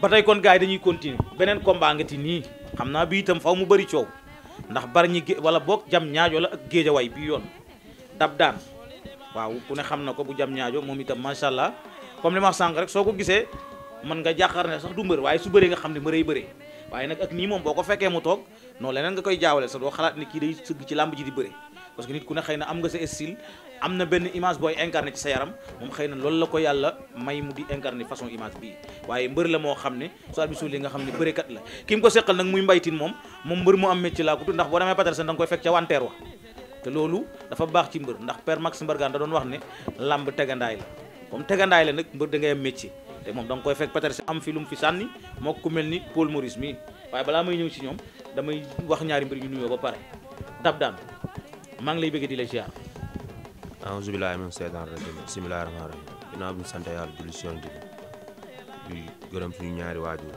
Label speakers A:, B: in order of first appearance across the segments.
A: ba tey kon gars dañuy continuer beneen combat nii xam naa bi itam faw mu bëri coow ndax bari ñi gé wala boo jam ñaajo la ak géejawaay bii yoon dab daan waaw ku ne xam na ko bu jam ñaajo moom itam macha allah comme li ma sànq rek soo ko gisee mën nga jàqar ne sax du mbër waaye su bëree nga xam ne mbëree bëree waaye nag ak nii moom boo ko fekkee mu toog noo leneen nga koy jaawale sax doo xalaat ne kii day sëgg ci làmb ji di bëree parce que nit ku na am nga sa style am na benn image booy incarné ci sa yaram moom xëy na loolu la ko yàlla may mu di incarné façon image bii waaye mbër la moo xam ne soit bi suul yi nga xam ne bërekat la ki mu ko seqal nag muy mbaytin moom moom mbër mu am métier laa ko tudd ndax boo demee Paterson da nga koy fekk ca wanteer wa te loolu dafa baax ci mbër ndax père Max Mbargane da doon wax ne làmb tegandaay la comme tegandaay la nag mbër da am métier te moom da nga koy fekk Paterson am fi lu mu fi sànni moo ku mel ni Paul Maurice mii waaye balaa may ñëw ci ñoom damay wax ñaari mbir ñu nuyoo ba pare dab daan maa ngi lay bëgg di la ziar
B: aouzu billaahi mina seytaani rajiim bismillaahi rahmaani rahiim ginnaaw bi ñu sant yàlla julli si yonent bi di gërëm suñu ñaari waajur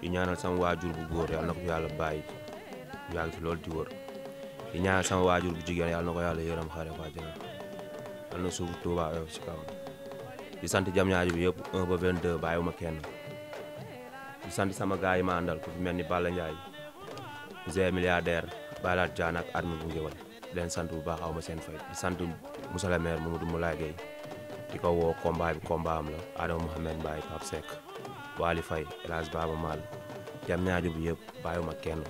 B: di ñaanal sama waajur bu góor yàlla na ko fi yàlla bàyyi yàgg fi loolu di wër di ñaanal sama waajur bu jigéen yàlla na ko yàlla yërëm xaare ko àjjana yàlla na suuf Tuuba oyof si kaw di sant jam ñaari bi yëpp 1 ba 22 bàyyiwuma kenn di sant sama gars yi ma àndal fi mel ni Balla Ndiaye Zé milliardaire Balaat Jaan ak leen sant bu baax aw ma seen fay di sant monsieur le maire Mamadou Moulaye Gueye di ko woo combat bi combat am la Adama Mohamed Mbaye Pape Seck Waly Faye El Hadj Baba Mal jam ñaaju bi yëpp bàyyiwuma kenn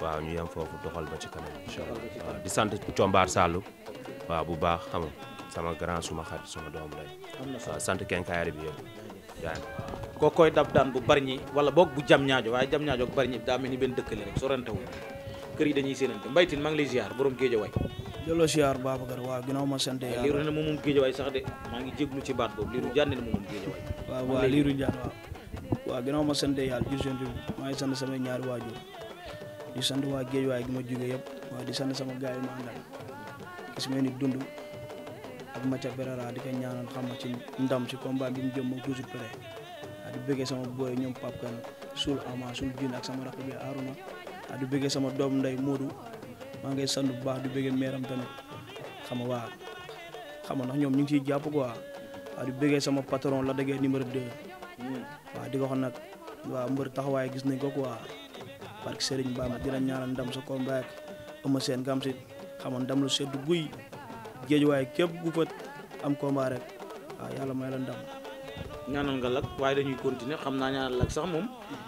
B: waaw ñu yem foofu doxal ba ci kanam waaw di sant Combaar Sall waaw bu baax xam sama grand suma xarit suma doom lay waaw sant kenkaayari bi yëpp jaay
A: koo koy dab daan bu bari ñi wala boog bu jam ñaajo waaye jam ñaajo bu bari ñi daa mel ni benn dëkkale rek kër yi dañuy séenante Mbaye Tine maa ngi lay ziar borom Géejawaay
C: jëloo ziar Babacar waaw ginnaaw ma sant yàlla liiru ne
A: moom moom Géejawaay sax de maa ngi jéglu ci baat boobu liiru jaan ne moom moom Géejawaay waa waaw liiru jaan waaw
C: waaw ginnaaw ma sant yàlla jisent maa ngi sant samay ñaari waajur di sant waa Géejawaay gi ma jógee yëpp waaw di sant sama gaay yi ma àndal gis ni dund ak Mathia Berara di ko ñaanal xam ci ndam ci combat bi mu jëm moom toujours prêt di bëggee sama booy ñoom Pape Kane suul Ama suul Jun ak sama rakk bi Aruna waaw ah, du bëggee sama doom nday Modou maa ngay sant bu baax du bëggee meeram tamit xam nga waaw xam nga ndax ñoom ñu ngi ciy jàpp quoi waaw ah, du bëggee sama patron la dëggee numéro 2 waaw hmm. ah, di ko nag waaw mbër taxawaay gis nañ ko quoi parce que Serigne Bamba dina ñaanal ndam sa combat ak Eumeu Sène gam si xam ndam lu sedd guy géej waaye képp gu fa am combat rek waaw yàlla may la ndam.
A: ñaanal nga lag waaye dañuy continuer xam naa ñaanal lak sax moom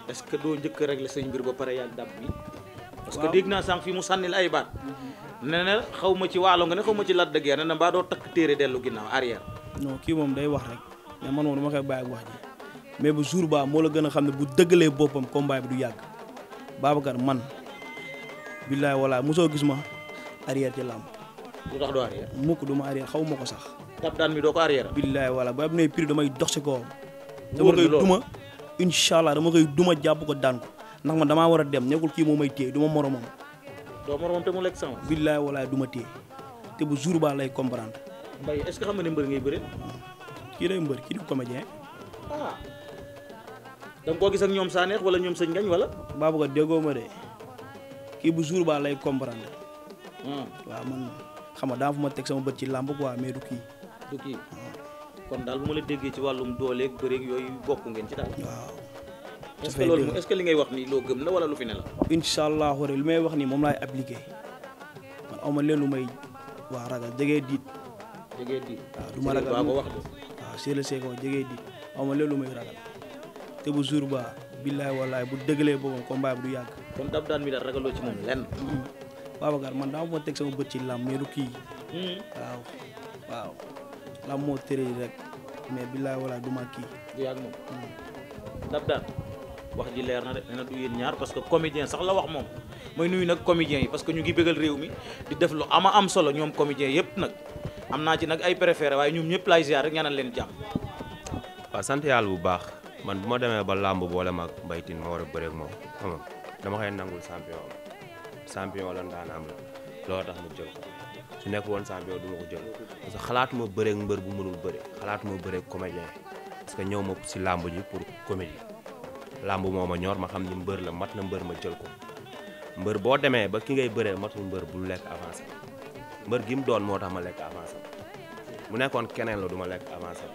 A: est-ce que doo njëkk régler seen mbir ba pare yàgg dab bi parce que dégg naa sànq fii mu la ay baat ne na xaw ma ci waalo nga ne xaw ma ci Lac de Guiers ne na mbaa doo takk téere dellu ginnaaw arrière
C: non kii moom day wax rek mais man moom dama koy bàyyi wax ji mais bu jour ba moo la gën a xam ne bu dëggalee boppam combat bi du yàgg Babacar man billaay walaay mosoo gis ma arrière ci làmb lu tax doo xaw ma ko sax
A: tap daan mi doo ko
C: wala bu am nay prix damay dox si dama koy duma incha jàpp ko daan ko damaa war a dem nekkul kii moom may téye du ma moromam.
A: doo moromam du
C: ma téye te bu jour lay comprendre.
A: Mbaye est-ce que xam nga ne mbër ngay bëre. kii day mbër kii ah. koo gis ak ñoom sa neex wala
C: ñoom sëñ ngañ wala. baabu ko déggoo ma de kii bu jour ba lay comprendre. Hmm. waaw man xam nga daa fu ma teg sama bët ci làmb quoi mais du kii. du kii
A: kon daal bu ma la déggee ci wàllum dooleeg bëreeg yooyu bokk ngeen ci daal. waaw. est ce que loolu li ngay wax ni loo gëm la wala lu fi ne la.
C: incha allahu li wax nii moom laay appliqué man aw ma leen lu may diit.
D: jege ma ragal waaw wax de.
C: waaw Seydou Seydou jege leen lu may ragal te bu jour ba billaay wallaay bu dëggalee boppam combat bi du yàgg.
A: kon dab daan mi daal ragaloo ci moom lenn. Hmm.
C: Babacar man daa ma teg sama bët ci làmb mais du kii. Hmm. waaw waaw. la moo tëree rek mais billaay wala du ma kii.
A: yaa ngi dab daal wax ji leer na de nee du yéen ñaar parce que comédien sax la wax moom mooy nuyu nag comédien yi parce que ñu ngi bëggal réew mi di def lu ama am solo ñoom comédien yëpp nag am naa ci nag ay préféré waaye ñoom ñëpp laay ziar rek ñaanal leen
B: jàmm. waaw sant yàlla bu baax man bu ma demee ba làmb boole maag Mbaye ma war a bëreeg moom xam nga dama xëy nangul champion champion la ndaanam la looloo tax mu su nekk woon champion du ma ko jël parce que xalaatuma bëreek mbër bu mënul bëre xalaatuma bëreek comédien parce que ñëw ma si làmb ji pour comédie làmb moo ma ñor ma xam ni mbër la mat na mbër ma jël ko mbër boo demee ba ki ngay bëree matul mbër bu lekk avancé mbër gi mu doon moo tax ma lekk avancé mu nekkoon keneen la du lekk avancé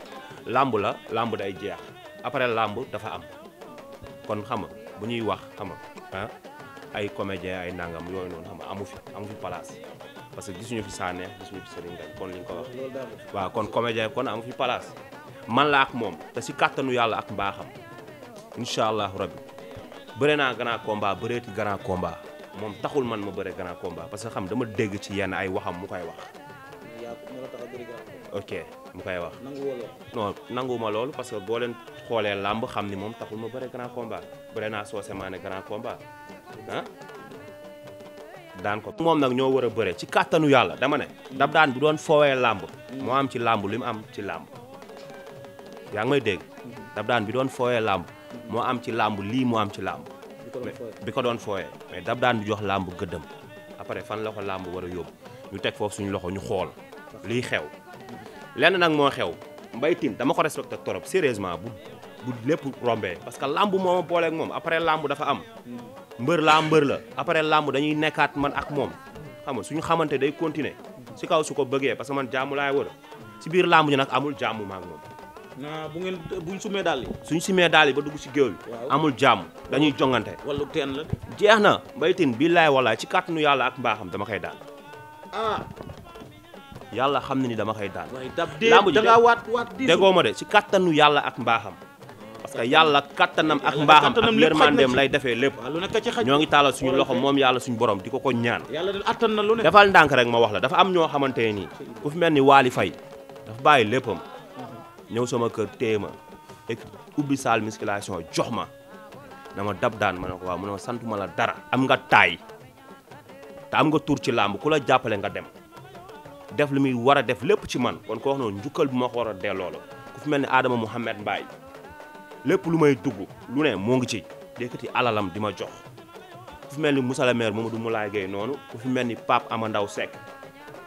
B: làmb la làmb day jeex après làmb dafa am kon xam bu ñuy wax xam ah, ay comédien ay nangam yooyu noonu xam amu fi amu parce que gisuñu fi Sané gisuñu fi Serigne Ngagne kon li ko wax waaw kon comédien kon amu fi place man la ak moom te si kàttanu yàlla ak mbaaxam incha allahu rabbi bëre naa grand combat bëreeti grand combat moom taxul man ma bëre grand combat parce que xam dama dégg ci yenn ay waxam mu koy wax ok mu koy wax non nanguma loolu parce que boo leen xoolee làmb xam ni moom taxul ma bëre grand combat bëre naa soosé maa ne grand combat daan ko moom nag ñoo war a bëre ci kàttanu yàlla dama ne dab doon foowee làmb moo am ci làmb li mu am ci làmb ngi may dégg dab bi doon foowee làmb moo am ci làmb lii moo am ci làmb bi ko doon fooyee mais dab bi jox làmb gëddëm après fan la ko làmb war a yóbbu ñu teg foofu suñu loxo ñu xool lii xew lenn nag moo xew Mbaye Tine dama ko respecté trop sérieusement bu bu lépp rombee parce que lamb mooma booleeg moom après lamb dafa am mbër laa mbër la après làmb dañuy nekkaat man ak moom xam nga suñu xamante day continuer si kaw su ko bëggee parce que man jàmm laay wër ci biir làmb ñu nag amul jaamu maak moom naa bu ngeen buñ daal yi suñ sumee daal ba dugg si géew bi amul jàmm dañuy jongante wala teen la jeex na mbaytin billaay wallaay ci kàttanu yàlla ak mbaaxam dama koy daan ah yàlla xam na ni dama koy daan lamb ji dangaa waat
A: waat déggoo ma
B: de si kàttanu yàlla ak mbaaxam parce yàlla kattanam ak mbaaxam ak yërmandeem lay defee lépp ñoo ngi taalal suñu loxo moom yàlla suñu borom di ko ko ñaan defal ndànk rek ma wax la dafa am ñoo xamante nii ku fi mel ni waali fay dafa bàyyi léppam ñëw sama kër téye ma ek ubbi salle musculation jox ma dama dab daan ma ne ko waaw ma sant ma la dara am nga taay te am nga tuur ci làmb ku la jàppale nga dem def li muy war a def lépp ci man kon ko wax noonu njukkal bi ma ko war a delloo la ku fi mel ni Adama Mouhamed Mbaye lépp lu may dugg lu ne moo ngi ci yëkkati alalam di ma jox ku fi mel ni Moussa le maire Mamadou Moulaye Gueye noonu ku fi mel ni Pape Amandaw Seck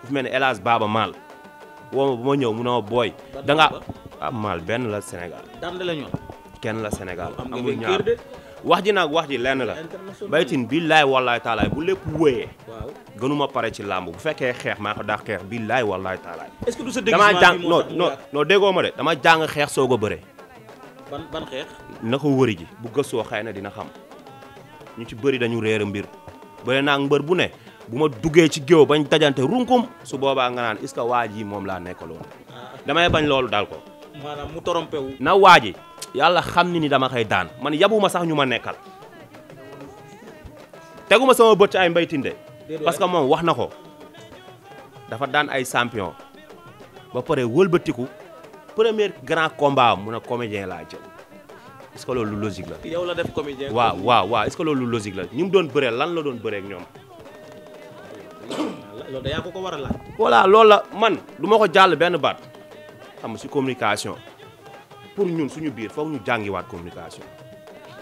B: ku fi mel ni El Hadj Baba Maal woo ma ba ma ñëw mu ne ma booy. da nga ah, Maal benn la senegal daan la ñoom. kenn la Sénégal amul ñaar wax ji nag wax ji lenn la baytin billaay wallaay taalaay bu lépp wóyee gënuma pare ci làmb bu fekkee xeex maa ko daax xeex billaay wallaay taalaay damaa jàng non non déggoo ma de dama jàng xeex soog a ban ban na ko wëri ji bu gëstoo xay na dina xam ñu ci bëri dañu réer mbir bële naa mbër bu ne bu ma duggee ci géew bañ dajante runkum su boobaa nga naan est-ce que waa ji moom laa nekkaloon. Ah. damay bañ loolu daal ko. mu trompé wu. na waa ji yàlla xam ni ni dama koy daan man yabuma sax ñu ma nekkal teguma sama bët ay mbaytinde parce que moom wax na ko dafa daan ay champion ba pare wëlbatiku. premier grand combat am mu ne comédien laa yow
A: la def comédien. waaw
B: waaw waaw est la ñu mu doon bëree lan la doon bëree ñoom.
A: loolu da yaa ko a laaj.
B: voilà loolu la man du ma ko jàll benn baat xam si communication pour ñun suñu biir foog ñu jàngiwaat communication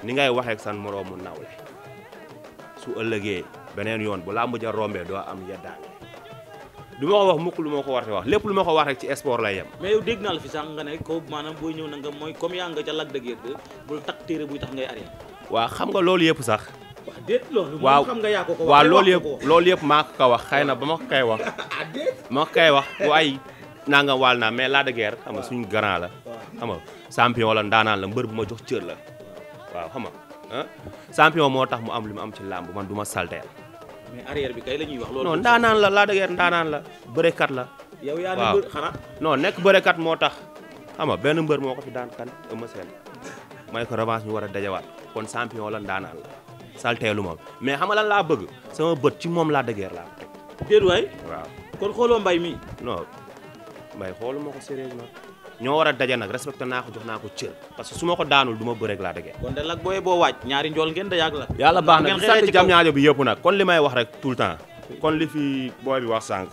B: ni ngay waxee ak san moroomu nawle su ëllëgee beneen yoon bu laa ja rombee doo am yeddaange. du ma ko wax mukk lu ma ko war wax lépp lu ma ko wax rek ci sport lay yem.
A: mais yow dégg naa la fi sànq nga ne ko maanaam booy ñëw na nga mooy comme yaa nga ca Lac de Guiers 2 bul takk téere buy tax ngay arrière.
B: waaw xam nga loolu yëpp sax. waaw déet loolu. waaw xam nga yaa ko loolu yëpp maa ko ko wax xëy na ba ma ko koy wax. Ah, ma ko koy wax waaye naa nga waal naa mais Lac de xam nga suñu grand la. xam nga champion la ndaanaan la mbër bu ma jox cër la waaw xam nga ah. moo tax mu am li mu am ci laam làmb man du ma salteel
A: mais arrière bi kay la ndaanaan la Lac de ndaanaan
B: la bërekat la. yow yaa ni mbër nekk bërekat moo tax xam nga benn mbër moo ko fi daan kan Eumeu Sène may ko revanche ñu war a dajawaat kon champion la ndaanaan la salteelu moom mais xam nga lan laa bëgg sama bët ci moom Lac de Guiers laa ko teg. déet waay waaw kon xooloo mbay mi non. mbay xoolu ma ko sérieusement ñoo war a daje nag respecté naa ko jox naa ko cër parce que su ma ko daanul du ma bëreeg laa dëggee kon de lag booyee boo waaj ñaari njool
A: ngeen da la na sant
B: li may wax rek tout le temps kon li fi booy bi wax sànq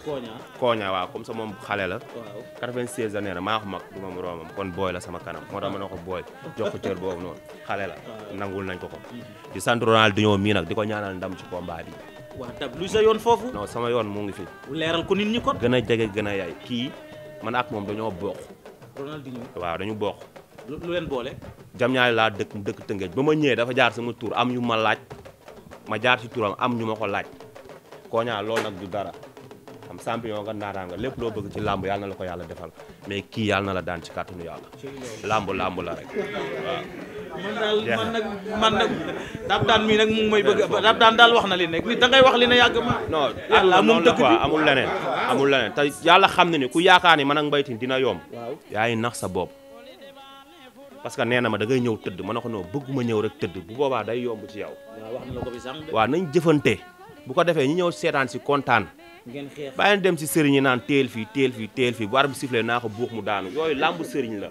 B: kooña waaw comme ça moom la 96 ans nee na ko mag sama kanam moo tax ma ko booy jox ko cër la nangul nañ ko ko mhm. di sant Ronaldinho mii nag di ko ñaanal ndam ci combat bi waaw dab yoon foofu non sama yoon mu a jege yaay kii man ak moom dañoo bokk. Ronaldinho waaw dañu bokk. boole. jam ñaari laa dëkk dëkk Tëngéej ba ma ñëwee dafa jaar sama tuur am yu ma laaj ma jaar ci turam am ñu ma ko laaj Koña loolu nag ju dara am champion nga naataan nga lépp loo bëgg ci làmb yàlla na la ko yàlla defal mais kii yàlla na la daan ci kàttanu yàlla. làmb làmb la rek
A: waaw. man nag nag daab daan mii daal wax na li nekk dangay wax li ne yàgg ma
B: non yàlla amul leneen amul leneen te yàlla xam na ni ku yaakaar ni man ak mbaytin dina yomb yaa nax sa bopp parce que nee na ma da ngay ñëw tëdd ma ne ko non bëgguma ñëw rek tëdd bu boobaa day yomb ci yow waaw nañ jëfante bu ko defee ñu ñëw seetaan si kontaan bàyyi na dem si sëriñ yi naan teel fii teel fii teel fii bu war bi siflee naa ko buux mu daanu yooyu làmb sëriñ la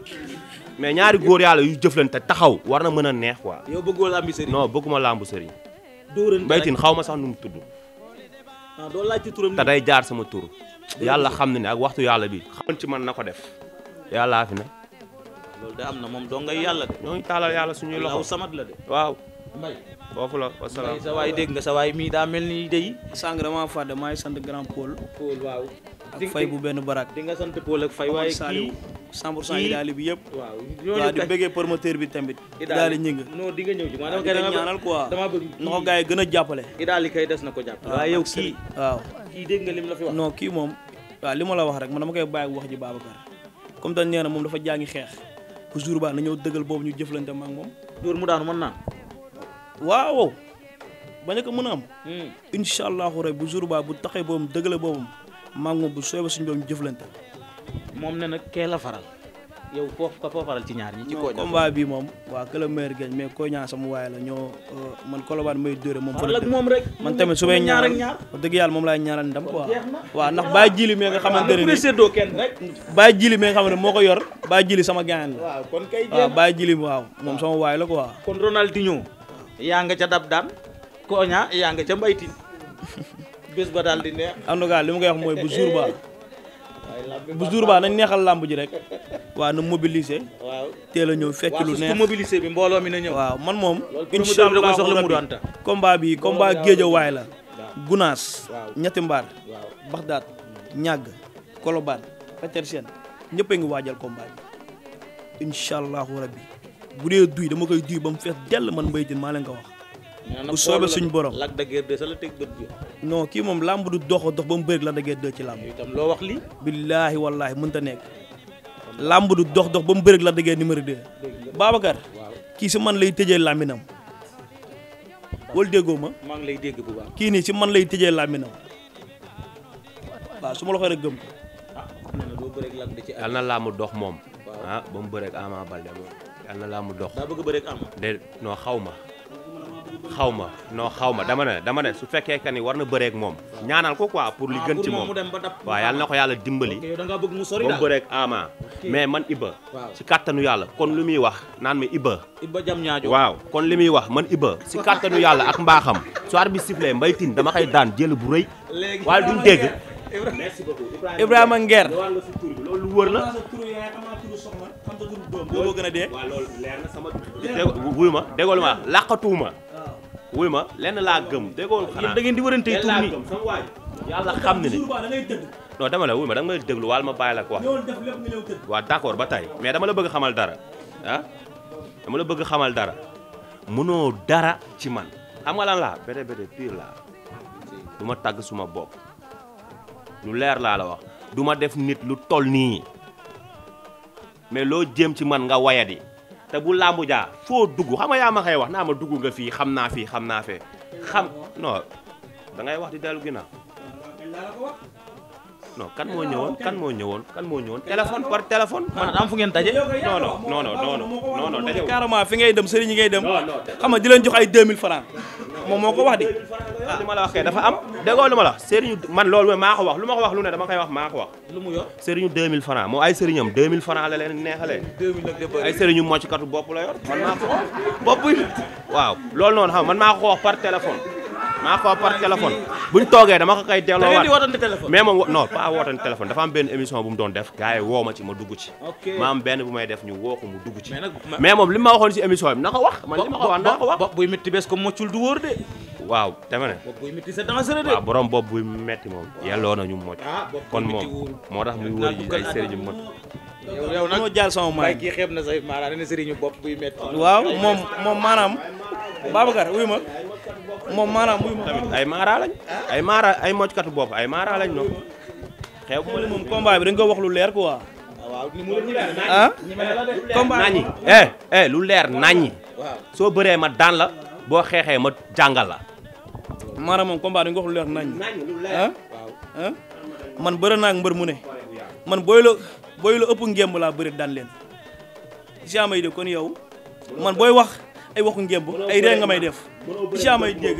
B: mais ñaari góor yàlla yu jëflante taxaw war na mën a neex quoi. yow bëggoo làmb sëriñ. non bëgguma làmbu sëriñ. dóorante baytin xaw ma sax nu mu tudd.
A: ah doo laaj te day
B: jaar sama tur. yàlla xam na ne ak waxtu yàlla bi. xamoon ci man na ko def yàllaa fi ne.
A: loolu de am na moom doo ngay yàlla de. ñoo ngi yàlla suñuy loxo. waaw waaw. mbay
B: foofu la wasalaam sa waay dégg nga sa
A: waay mii daa mel ni day sàng dama fàdde maay sant grand Paul
C: Paul waaw ak fay bu benn baraak di nga sant Paul ak fay waaye kii 100 pour cent idaali bi yëpp waaw waaw di bëggee promoteur bi tamit idaali ñi nga
A: di nga ñëw ci maanaam kay dama ñaanal quoi dama bëgg na yi gën a jàppale idaali kay des na ko jàppale waaye
C: yow kii waaw
A: kii dégg nga la
C: fi wax kii moom waaw li ma la wax rek man dama koy bàyyi wax ji Babacar comme tan nee na moom dafa jàngi xeex bu jour baa na ñëw dëggal boobu ñu jëflante ma ak mu daanu mën naa waaw ba a ko mën a am. Hmm. incha allahu rek bu jour ba bu taxee boobam dëgg la boobu maa moom bu soobee suñu boobam jëflante.
A: moom ne nag kee la faral. yow foofu ko foo faral ci ñaar ñi. ci kooña combat bi
C: moom waa que le meilleur gagne mais kooña sama waaye la ñoo euh, man Colobane may dóore moom. faral ak moom rek man tamit su may ñaanal wax dëgg yàlla moom laay ñaanal ndam quoi. waaw ndax Baye Jili mi nga xamante ne nii kenn rek. Baye Jili mi nga xam moo ko yor baa Jili sama gaañ
A: la. waaw kon kay
C: waaw moom sama waay la quoi. kon Ronaldinho.
A: yaa nga ca dab daan koña yaa nga ca mbaytin bés ba daal di neex
C: en li ma koy wax mooy bu jour ba
A: bu jour nañ neexal làmb ji rek
C: waa na mobiliser waaw teel a ñëw fekk lu neex
A: bi mbooloo mi na ñëw waaw man moom incha allah soxla
C: mu doonta combat bi combat géejawaay la ñetti mbaar baxdaat ñàgg kolobaan Petersen ñëpp a ngi waajal combat bi incha allahu rabbi bu dee duy dama koy duy ba mu fees dell man Mbaye Tine maa leen ko wax.
A: bu soobee suñu borom Lac de la teg
C: kii moom làmb du dox dox ba mu bëri la de Guiers 2 ci làmb. itam loo wax lii. billaahi wallaahi mënut a nekk. làmb du dox dox ba mu bëri Lac de Guiers numéro 2. Babacar kii si man lay tëjee làmbinam. wala déggoo ma. maa ngi lay dégg kii nii si man lay tëjee làmbinam.
A: waaw su ma la waxee rek gëm ah, na ci.
B: yàlla na làmb dox moom. ah ba mu bëri ak Ama Baldé yàlla laa mu dox. daa bëgg bëreeg am. de non xaw ma. xaw ma xaw ma dama ne dama ne su fekkee que ni war na bëreek moom. ñaanal ko quoi pour li ah, gën ci moom waaw yàlla na ko yàlla dimbali.
A: bëgg mu sori daal ba mu bëreeg
B: ama mais man Iba. si kàttanu yàlla kon li muy wax naan ma Iba. Iba jam ñaajo waaw kon li muy wax man Iba si kàttanu yàlla ak mbaaxam su bi sifflé Mbaye Tine dama xay daan jël bu rëy. léegi waaye duñ dégg.
C: Ibrahima Nguer. loolu wër la.
B: booboo gën a dee. waaw loolu leer na ma déggoo ma wuy ma lenn laa gëm déggoo. xanaa da ngeen di wërante tuuti nii sama waay. yàlla ma danga may déglu waal ma bàyyi la ko wax. waaw ba tey mais dama la bëgg xamal dara ah? dama la bëgg xamal dara mënoo dara ci man xam nga lan laa bete bete pire laa du ma tàgg suma bopp lu leer laa la wax duma def nit lu toll nii. mais loo jéem ci man nga wayadi te bu làmbu jaa foo dugg xam nga yaa ma koy wax naa ma dugg nga fi xam naa fii xam naa fee xam non da ngay wax di dellu ginnaaw non kan moo ñëwoon kan moo ñëwoon kan moo ñëwoon téléphone par téléphone. Ah, am fu ngeen daje. non non non non non non daje carrément fi ngay dem sëriñ yi ngay dem. xam nga di leen jox ay 2000 francs moo ko wax li ma la waxee dafa am déggoo lu ma la wax sëriñu man loolu lu ne dama koy wax maa ko wax lu mu yor sëriñu 2000 francs moom ay sëriñam 2000 francs la leen neexalee ay sëriñu moccukatu bopp la yor man maa ko wax bopp waaw loolu noonu xam man maa ko wax par téléphone maa ko par téléphone buñ toogee dama ko koy delloowaat mais moom non pas wootante téléphone dafa am benn émission bu mu doon def gars yi woo ma ci ma dugg ci ma am benn bu may def ñu woo ko mu dugg ci mais moom li ma waxoon si émission bi na ko wax man li bopp buy métti bees ko moccul du wóor de waaw dama ne. bopp buy métti sa waaw borom bopp buy métti moom. yàlloo na ñu mocc. Ah, kon moom moo tax muy wóor ay sëriñu mot.
A: na say maanaam ne sëriñu bopp buy waaw moom moom maanaam. Babacar wuyu ma
B: moom maanaam ay maara lañ. ay maara ay mockatu bopp ay maara lañ ñoom. xew ma moom bi dañ ko wax lu leer ko waaw ni mu lu leer naññi. Ah? combat eh, eh, lu leer naññi. waaw soo bëree ma daan la boo xeexee ma jàngal la. maanaam moom combat dañ wax lu leer nañ ah ah
C: man bëri mbër mu ne man booy la booy ëpp ngemb laa bëri daan leen jaamay de kon yow man booy wax ay waxu ngemb ay ree nga may def jaamay dégg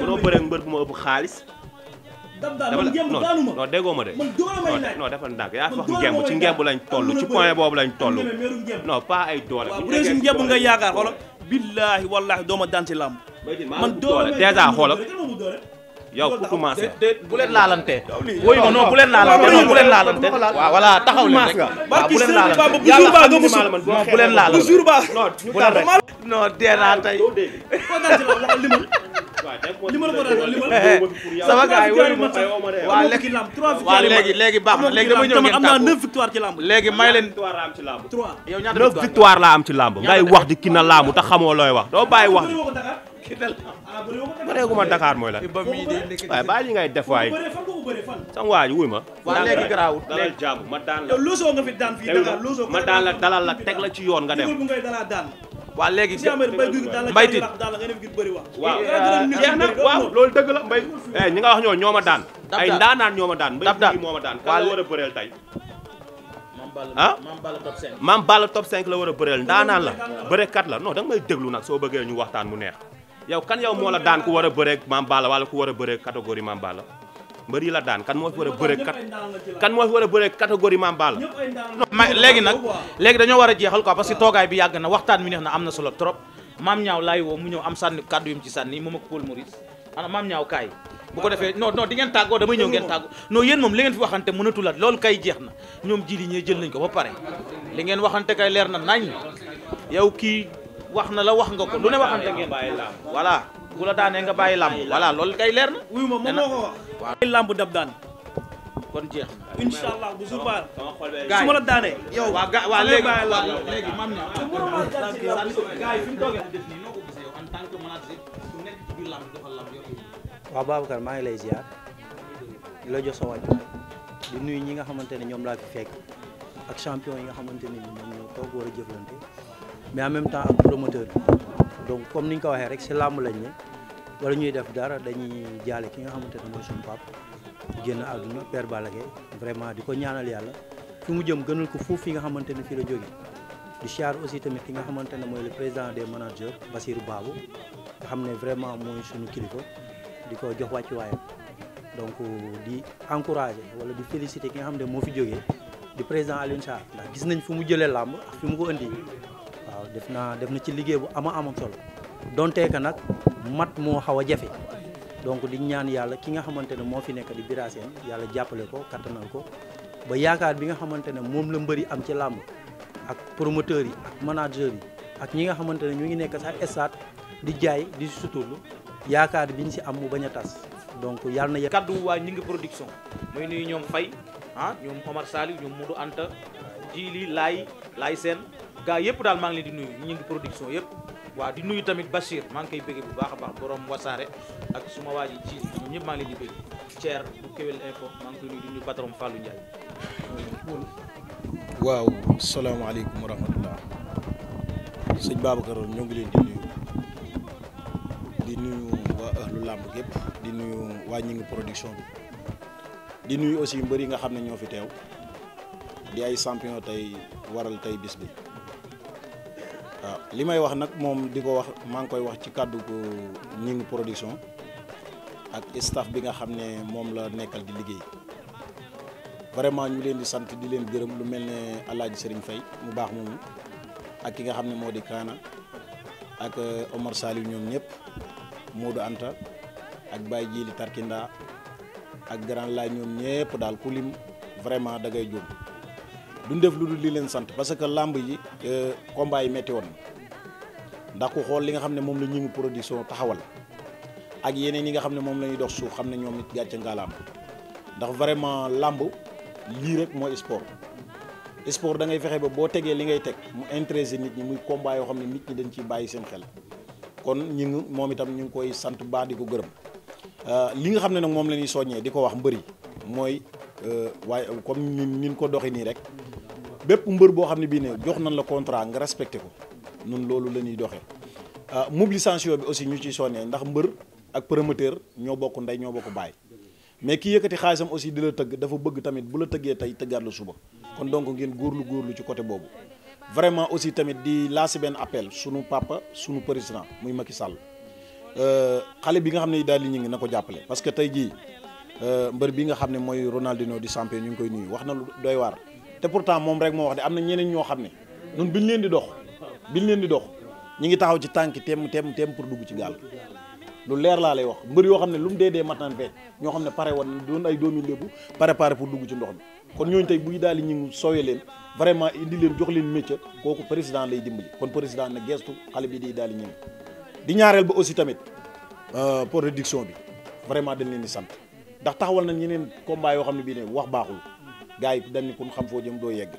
B: mënoo bëre mbër bu ma ëpp xaalis
C: dam daal man ngemb ma
B: de man doole may laaj non dafa yaa wax ngemb ci ngemb lañ toll ci point boobu lañ toll non pas ay doole bu dee si ngemb nga yaakaar xoolal billaahi wallaahi dooma daan ci làmb man doole dèjà xoolal yow ku laalante. woyu ma non bu leen laalante non bu leen laalante.
A: waaw voilà taxaw leen rek. waaw bu leen laalante yàlla xam ne maa la man non bu leen laalante. bu leen rek non dee naa tey.
C: sama gars yi wóorul ma waa léegi
B: waa léegi léegi baax na léegi dama ñëw ngeen tàggoo
A: am na 9 victoire ci lamb léegi may leen 3 yow
C: ñaata 9 victoire
B: laa am ci lamb ngay wax di kii na lamb looy wax doo bàyyi wax
C: bëreegu ma Dakar mooy la waaye
B: bàyyi li ngay def waay sama waay wuy ma. waaw léegi garaawul dalal jàmm ma daan la loosoo nga la dalal la teg la ci yoon nga dem. waaw léegi mbaytit waaw jeex na waaw loolu dëgg la mbay eh, ñi nga wax ñoo ñoo ma daan ay ndaanaan ñoo ma daan mbaytit moo ma daan kan la war a ah? maam Balla top 5 la war a bëreel ndaanaan la bërekat la non da nga may déglu nag soo bëggee ñu waxtaan mu neex yow kan yow moo la daan ku war a bëreeg Mame Balla wala ku war a bëreeg catégorie Mame Balla mbër yi la daan kan moo fi war a bëreeg kat kan moo fi war a bëreeg catégorie Mame Balla.
A: ma léegi nag léegi dañoo war a jeexal quoi parce que toogaay bi yàgg na waxtaan mi neex na am na solo trop maam ñaaw laay woo mu ñëw am sànni kàddu yum ci sànni moom ak Paul Maurice ana maam ñaaw kaay bu ko defee non non di ngeen tàggoo damay ñëw ngeen tàggoo non yéen moom li ngeen fi waxante mënatu la loolu kay jeex na ñoom ji li ñee jël nañ ko ba pare li ngeen waxante kay leer na nañ yow kii wax na la wax nga ko lu ne waxante ngeen voilà bu la daanee nga bàyyi làmb voilà lool kay leer na wuyu moom moo ko làmb dab daan kon jeex incha allah bu léegi léegi mam ko gisee
E: yow maa ngi lay ziar la jox sa wàcc di nuyu ñi nga xamante ne ñoom laa fi fekk ak champion yi nga xamante ne ñoom ñoo toog war a jëflante mais en même temps ak promoteur donc comme ni ñu ko waxee rek si làmb lañ ne wala ñuy def dara dañuy jaale ki nga xamante ne mooy suñu génn àdduna Père Balla vraiment di ko ñaanal yàlla fi mu jëm gënal ko foofu yi nga xamante ne fii la jógee di char aussi tamit ki nga xamante ne mooy le président des managers Basirou Babou nga xam ne vraiment mooy suñu kilifa di ko jox wàccuwaayam donc di encourager wala di féliciter ki nga xam ne moo fi jógee di président Alioune Sarr ndax gis nañ fu mu jëlee làmb ak fi mu ko indi def naa def na ci liggéey bu ama amam solo donte que nag mat moo xaw a jafe donc di ñaan yàlla ki nga xamante ne moo fi nekk di Bira Sène yàlla jàppale ko kattanal ko ba yaakaar bi nga xamante ne moom la mbëri am ci làmb ak promoteurs yi ak managers yi ak ñi nga xamante ne ñu ngi nekk sax stade di jaay di suturlu yaakaar bi ñu si am mu bañ a tas donc yàlla na. kaddu waa ñi ngi production muy
A: nuyu ñoom Faye ah ñoom Omar Saliou ñoom Modou Anta Djili gaa yëpp daal maa ngi leen di nuyu ñu ngi production yëpp waa di nuyu tamit Bachir maa ngi koy bëgg bu baax a baax borom wasaare ak suma waa ji ci ñëpp maa ngi leen di bëgg Thier bu Kewel Info maa ngi koy nuyu
D: di nuyu patron Fallou Ndiaye. waaw salaamaaleykum wa rahmatullah ñoo ngi leen di di nuyu waa ahlu làmb di nuyu waa ñi production bi di nuyu aussi mbër yi nga xam ne ñoo fi teew di ay champion waral tey bis li may wax nag moom di ko wax maa ngi koy wax ci kàddu ko Gning production ak staff bi nga xam ne moom la nekkal di liggéey vraiment ñu leen di sant di leen gërëm lu mel ne Alaaji Sëriñ Fay mu baax moomu ak ki nga xam ne moo di Kaana ak euh, Omar Saliou ñoom ñëpp Modou Anta ak Baye Jili Tarkinda ak Grand Laay ñoom ñëpp daal ku lim vraiment da ngay jóg duñ def lu dul li leen sant parce que làmb yi euh, combat yi metti woon ndax ku xool li nga xam ne moom la ñu ngi production taxawal ak yeneen yi nga xam ne moom la ñuy dox suuf xam ne ñoom it gàcce ngaalaam ndax vraiment làmb lii rek mooy sport sport da ngay fexe ba boo tegee li ngay teg mu intéressé nit ñi muy combat yoo xam ne nit ñi dañ ci bàyyi seen xel kon ñu ngi moom itam ñu ngi koy sant baax di ko gërëm euh, li nga xam ne nag moom la ñuy soññee di ko wax mbëri mooy euh, waaye comme ñun ñu ko doxee nii rek bépp mbër boo xam ne bii ne jox nañ la contrat nga respecté ko. nun loolu la ñuy doxee ah, mobilisation bi aussi ñu ci sonnee ndax mbër ak promoteur ñoo bokk ndey ñoo bokk baay mais ki yëkkati xaalisam aussi di la tëgg dafa bëgg tamit bu la tëggee tey tëggaat la suba kon donc ngeen góor lu ci côté boobu vraiment aussi tamit di lancé benn appel suñu papa sunu président muy Macky Sall euh, xale bi nga xam ne daal di ñu ngi na ko jàppale parce que tey jii euh, mbër bi nga xam ne mooy Ronaldinho di champion ñu ngi koy nuyu wax na lu doy waar te pourtant moom rek moo wax de am na ñeneen ñoo xam ne ñun bi leen di dox. biñ leen di dox ñi ngi taxaw ci tànki temm temm temm pour dugg ci gaal lu leer laa lay wax mbër yoo xam ne lu mu dee dee mat naan feeñ ñoo xam ne pare woon doon ay doomi lébu préparé pour dugg ci ndox mi kon ñooñu tey buy daal di ñu soowee leen vraiment indi leen jox leen métier kooku président lay dimbali kon président na gestu xale bi di daal di ñëw di ñaareel ba aussi tamit euh, production bi vraiment dañ leen di sant ndax taxawal na ñeneen combat yoo xam ne bii ne wax baaxul gars yi dañ ni xam foo jëm doo yegg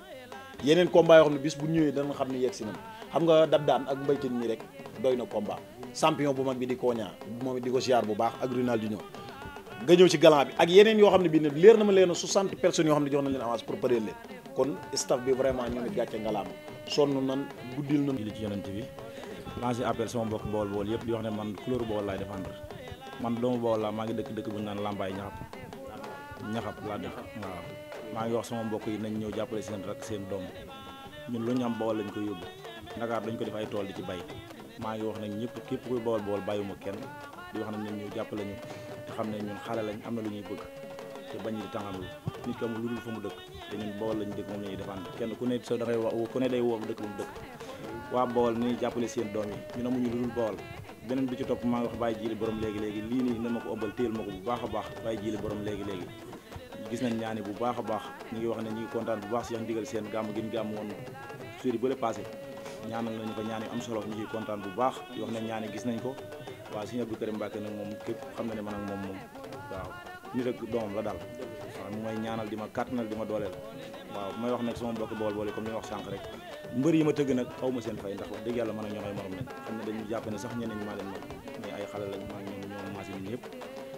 D: yeneen combat yoo xam ne bis bu xam ne yegg si nañ xam nga dab daan ak mbaytin mi rek doy na combat champion bu mag bi di koña moom di ko siyaar bu baax ak Ronaldinho nga ñëw ci galan bi ak yeneen yoo xam ne bii ne leer na ma leen 60 person yoo xam ne jox na leen avance pour pareel leen vraiment ñoom it gàcce ngalaama sonn nan guddil nan li ci yonent bi lancé appel sama mbokk bool bool yëpp di wax ne man couleur bool laay
F: défendre man doomu bool laa maa ngi dëkk dëkk bu naan lambaay ñaxap ñaxap laa dëkk waaw maa ngi wax sama mbokk yi nañ ñëw jàppale seen rak seen doom ñun lu ñu am bool lañ ko yóbbu Ndakaar dañ ko def ay tool di ci bay maa ngi wax nag ñëpp képp kuy bool bool bàyyuma kenn di wax nag ñun ñu jàppale ñu te xam ne ñun xale lañ am na lu ñuy bëgg te bañ di tàngaam lu nit ki amul lu dul fa mu dëkk te ñun bool lañu dëkk moom la ñuy defaan kenn ku ne so da ngay wax ku ne day woo dëkk lu mu dëkk waa bool ni jàppale seen doom yi ñun amuñu lu dul bool beneen bi ci topp maa ngi wax bàyyi jili borom léegi léegi lii nii na ma ko ëmbal téyel ma ko bu baax a baax bàyyi jili borom léegi léegi gis nañ ñaani bu baax a baax ñu ngi wax ne ñu kontaan bu baax si yax ndigal seen gàmm gin gàmm woon suuri bële passé ñaanal nañu ko ñaan am solo ñu ciy kontaan bu baax di wax ne ñaan gis nañ ko waaw sëñ bu Karim Mbacke nag moom képp xam na ne man ak moom moom waaw nit la daal waaw mu ñaanal di ma kàttanal di ma dooleel waaw may wax nag sama mbokk bool bool yi comme li wax sànq rek mbër yi ma tëgg nag xaw ma seen fay ndax wax dëgg yàlla mën a ñoxoy morom lañ xam ne dañu jàpp ne sax ñeneen maa leen man mais ay xale lañ maa ñoom ñoom maasi ñun yëpp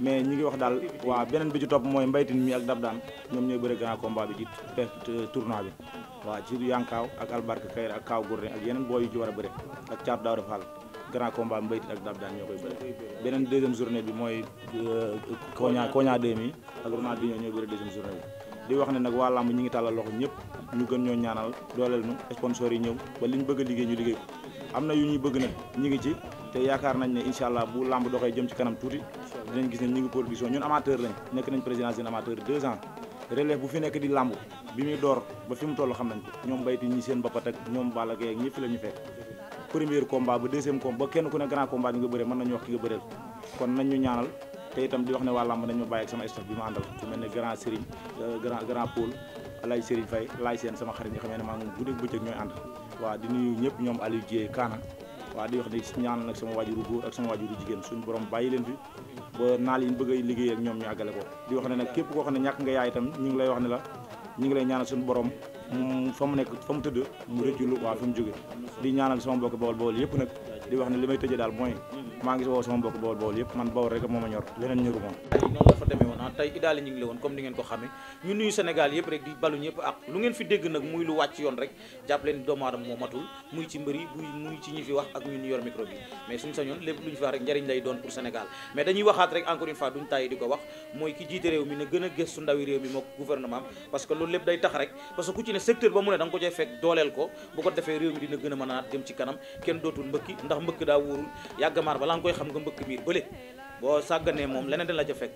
F: mais ñi ngi wax daal waaw beneen bi ci topp mooy mbaytin mi ak dab daan ñoom ñooy bëri grand combat bi ci tournoi bi waaw ci yankaaw ak albarka kayra ak kaaw gourne ak yeneen boo yu ci war a bëri ak caatu daaw dafall grand combat mbaytin ak dab daan ñoo koy bëri beneen deuxième journée bi mooy euh, koña koña demi ak Ronaldinho ñooy bëri deuxième journée bi di wax ne nag waa làmb ñi ngi tàllal loxo ñëpp ñu gën ñoo ñaanal dooleel ñu sponsor yi ñëw ba liñ bëgg a ñu liggéey ko na yu ñuy bëgg nag ñi ngi ci te yaakaar nañ ne incha allah bu làmb doxee jëm ci kanam dinañ gis ne ñu ngi production ñun amateur lañ nekk nañ présidence des amateurs deux ans relève bu fi nekk di làmb bi muy door ba fi mu toll xam nañ ko ñoom bayti ñi seen bappat ak ñoom Balla Gaye ak ñëpp la ñu fekk premier combat ba deuxième combat ba kenn ku ne grand combat bi nga bëree mën nañu wax ki nga bëreel kon itam di wax ne waa làmb nañ ma bàyyi ak bi ma àndal mel ne grand Serigne euh, grand grand Paul laay seen sama xarit ñi xamee ne maa ngi guddeeg bëccëg ñooy ànd ñëpp ñoom Aliou Dieye Kaana waaw di wax ne ñaan nag sama waajuru góor ak sama waajuru jigéen suñu borom bàyyi leen fi ba naal yi ñu bëgg a liggéey ak ñoom ñu àggale ko di wax ne nag képp koo xam ne ñàkk nga yaay itam ñu ngi lay wax ne la ñu ngi lay ñaanal suñu borom mu fa mu nekk fa mu tëdd mu rëccul waaw fa mu jóge di ñaanal sama mbokk bawol bawol yëpp nag di wax ne li may tëjee daal mooy maa ngi woo sama mbokk bool bool yëpp man bool rek moo ma ñor leneen ñoru moom
A: noonu ah, la ñu ngi la woon comme ni ngeen ko xamee ñu nuyu Sénégal yëpp rek di balu ñëpp ak lu ngeen fi dégg nag muy lu wàcc yoon rek jàpp leen doomu aadama moo matul muy ci mbër muy ci ñi fi wax ak ñun yor micro bi mais suñ sañoon lépp lu ñu fi wax rek njëriñ lay doon pour Sénégal mais dañuy waxaat rek encore une fois duñ tàyyi di ko wax mooy ki jiite maa ngi koy xam nga mbëkk biir bële boo sàgganee moom leneen da la ca fekk